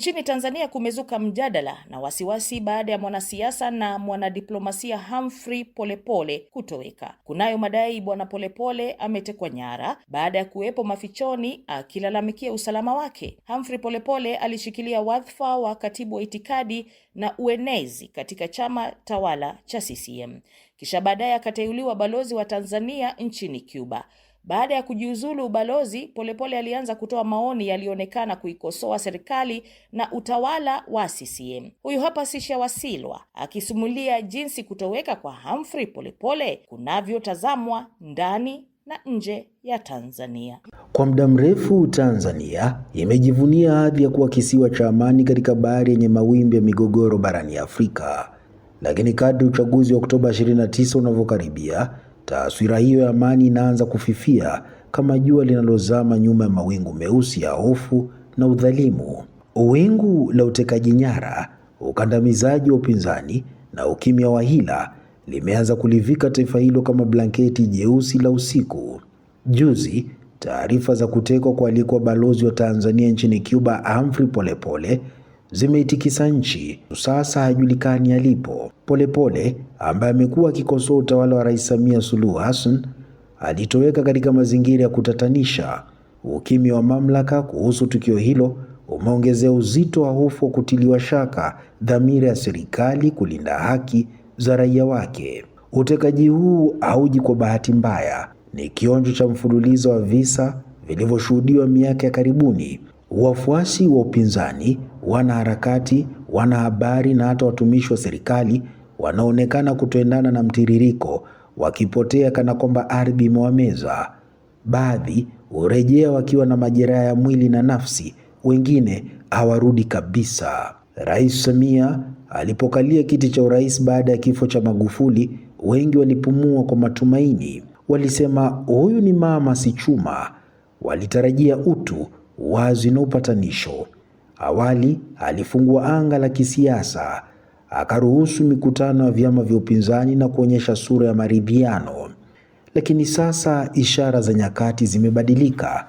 Nchini Tanzania kumezuka mjadala na wasiwasi baada ya mwanasiasa na mwanadiplomasia Humphrey Polepole kutoweka. Kunayo madai bwana Polepole ametekwa nyara baada ya kuwepo mafichoni akilalamikia usalama wake. Humphrey Polepole alishikilia wadhifa wa katibu wa itikadi na uenezi katika chama tawala cha CCM, kisha baadaye akateuliwa balozi wa Tanzania nchini Cuba. Baada ya kujiuzulu ubalozi, Polepole alianza kutoa maoni yaliyoonekana kuikosoa serikali na utawala wa CCM. Huyu hapa Sisha Wasilwa akisimulia jinsi kutoweka kwa Humphrey Polepole kunavyotazamwa ndani na nje ya Tanzania. Kwa muda mrefu Tanzania imejivunia hadhi ya kuwa kisiwa cha amani katika bahari yenye mawimbi ya migogoro barani Afrika, lakini kadri uchaguzi wa Oktoba 29 unavyokaribia Taswira hiyo ya amani inaanza kufifia kama jua linalozama nyuma ya mawingu meusi ya hofu na udhalimu. Wingu la utekaji nyara, ukandamizaji wa upinzani na ukimya wa hila limeanza kulivika taifa hilo kama blanketi jeusi la usiku. Juzi taarifa za kutekwa kwa aliyekuwa balozi wa Tanzania nchini Cuba Humphrey Polepole zimeitikisa nchi, sasa hajulikani alipo. Polepole ambaye amekuwa akikosoa utawala wa Rais Samia Suluhu Hassan alitoweka katika mazingira ya kutatanisha. Ukimya wa mamlaka kuhusu tukio hilo umeongezea uzito wa hofu wa kutiliwa shaka dhamira ya serikali kulinda haki za raia wake. Utekaji huu hauji kwa bahati mbaya, ni kionjo cha mfululizo wa visa vilivyoshuhudiwa miaka ya karibuni. Wafuasi wa upinzani wanaharakati, wanahabari na hata watumishi wa serikali wanaonekana kutoendana na mtiririko, wakipotea kana kwamba ardhi imewameza. Baadhi hurejea wakiwa na majeraha ya mwili na nafsi, wengine hawarudi kabisa. Rais Samia alipokalia kiti cha urais baada ya kifo cha Magufuli, wengi walipumua kwa matumaini. Walisema huyu ni mama si chuma, walitarajia utu, wazi na upatanisho. Awali alifungua anga la kisiasa, akaruhusu mikutano ya vyama vya upinzani na kuonyesha sura ya maridhiano. Lakini sasa ishara za nyakati zimebadilika.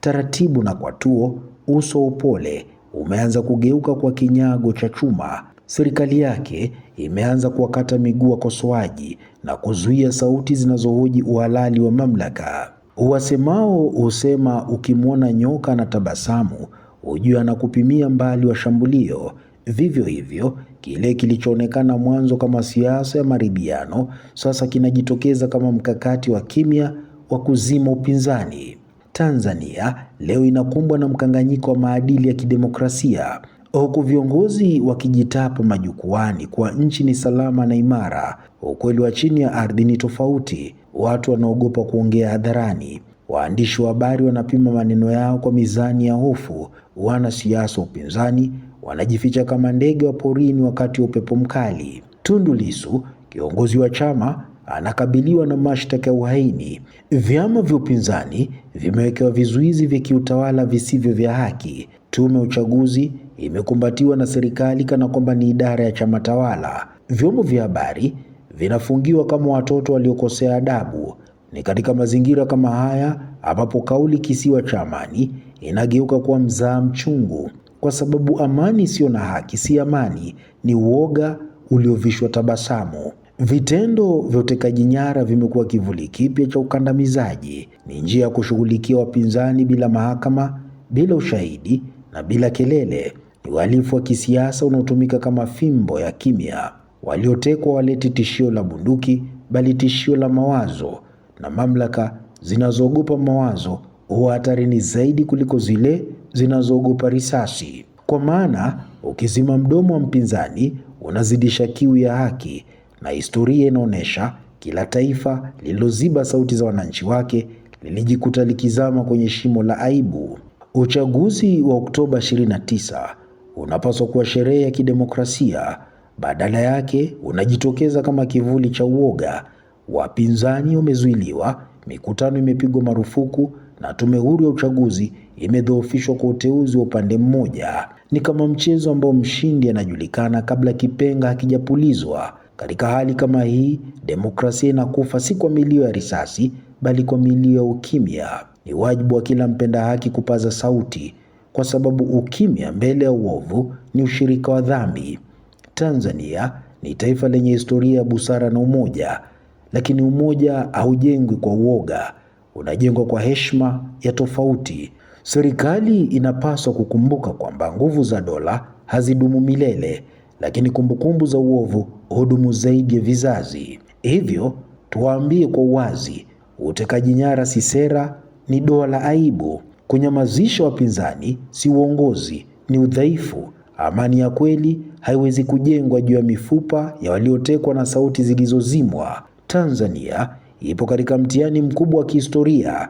Taratibu na kwa tuo, uso wa upole umeanza kugeuka kwa kinyago cha chuma. Serikali yake imeanza kuwakata miguu wakosoaji na kuzuia sauti zinazohoji uhalali wa mamlaka. Uwasemao husema ukimwona nyoka na tabasamu hujua anakupimia mbali wa shambulio. Vivyo hivyo kile kilichoonekana mwanzo kama siasa ya maribiano sasa kinajitokeza kama mkakati wa kimya wa kuzima upinzani. Tanzania leo inakumbwa na mkanganyiko wa maadili ya kidemokrasia, huku viongozi wakijitapa majukwani kuwa nchi ni salama na imara. Ukweli wa chini ya ardhi ni tofauti. Watu wanaogopa kuongea hadharani. Waandishi wa habari wanapima maneno yao kwa mizani ya hofu. Wanasiasa upinzani wanajificha kama ndege wa porini wakati wa upepo mkali. Tundu Lissu, kiongozi wa chama, anakabiliwa na mashtaka ya uhaini. Vyama vya upinzani vimewekewa vizuizi vya kiutawala visivyo vya haki. Tume ya uchaguzi imekumbatiwa na serikali kana kwamba ni idara ya chama tawala. Vyombo vya habari vinafungiwa kama watoto waliokosea adabu. Ni katika mazingira kama haya ambapo kauli kisiwa cha amani inageuka kuwa mzaa mchungu, kwa sababu amani isiyo na haki si amani, ni uoga uliovishwa tabasamu. Vitendo vya utekaji nyara vimekuwa kivuli kipya cha ukandamizaji. Ni njia ya kushughulikia wapinzani bila mahakama, bila ushahidi na bila kelele. Ni uhalifu wa kisiasa unaotumika kama fimbo ya kimya. Waliotekwa waleti tishio la bunduki, bali tishio la mawazo, na mamlaka zinazoogopa mawazo huwa hatarini zaidi kuliko zile zinazoogopa risasi, kwa maana ukizima mdomo wa mpinzani unazidisha kiu ya haki, na historia inaonyesha kila taifa lililoziba sauti za wananchi wake lilijikuta likizama kwenye shimo la aibu. Uchaguzi wa Oktoba 29 unapaswa kuwa sherehe ya kidemokrasia, badala yake unajitokeza kama kivuli cha uoga wapinzani wamezuiliwa, mikutano imepigwa marufuku na tume huru ya uchaguzi imedhoofishwa kwa uteuzi wa upande mmoja. Ni kama mchezo ambao mshindi anajulikana kabla kipenga hakijapulizwa. Katika hali kama hii, demokrasia inakufa si kwa milio ya risasi, bali kwa milio ya ukimya. Ni wajibu wa kila mpenda haki kupaza sauti, kwa sababu ukimya mbele ya uovu ni ushirika wa dhambi. Tanzania ni taifa lenye historia ya busara na umoja lakini umoja haujengwi kwa uoga, unajengwa kwa heshima ya tofauti. Serikali inapaswa kukumbuka kwamba nguvu za dola hazidumu milele, lakini kumbukumbu za uovu hudumu zaidi ya vizazi. Hivyo tuwaambie kwa uwazi, utekaji nyara si sera, ni doa la aibu. Kunyamazisha wapinzani si uongozi, ni udhaifu. Amani ya kweli haiwezi kujengwa juu ya mifupa ya waliotekwa na sauti zilizozimwa. Tanzania ipo katika mtihani mkubwa wa kihistoria.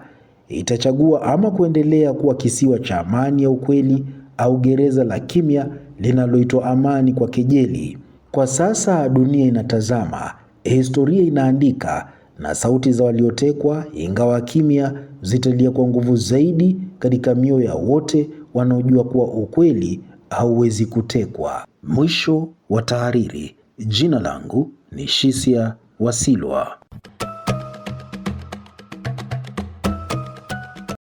Itachagua ama kuendelea kuwa kisiwa cha amani ya ukweli au gereza la kimya linaloitwa amani kwa kejeli. Kwa sasa dunia inatazama, historia inaandika, na sauti za waliotekwa, ingawa kimya, zitalia kwa nguvu zaidi katika mioyo ya wote wanaojua kuwa ukweli hauwezi kutekwa. Mwisho wa tahariri. Jina langu ni Shisia Wasilwa.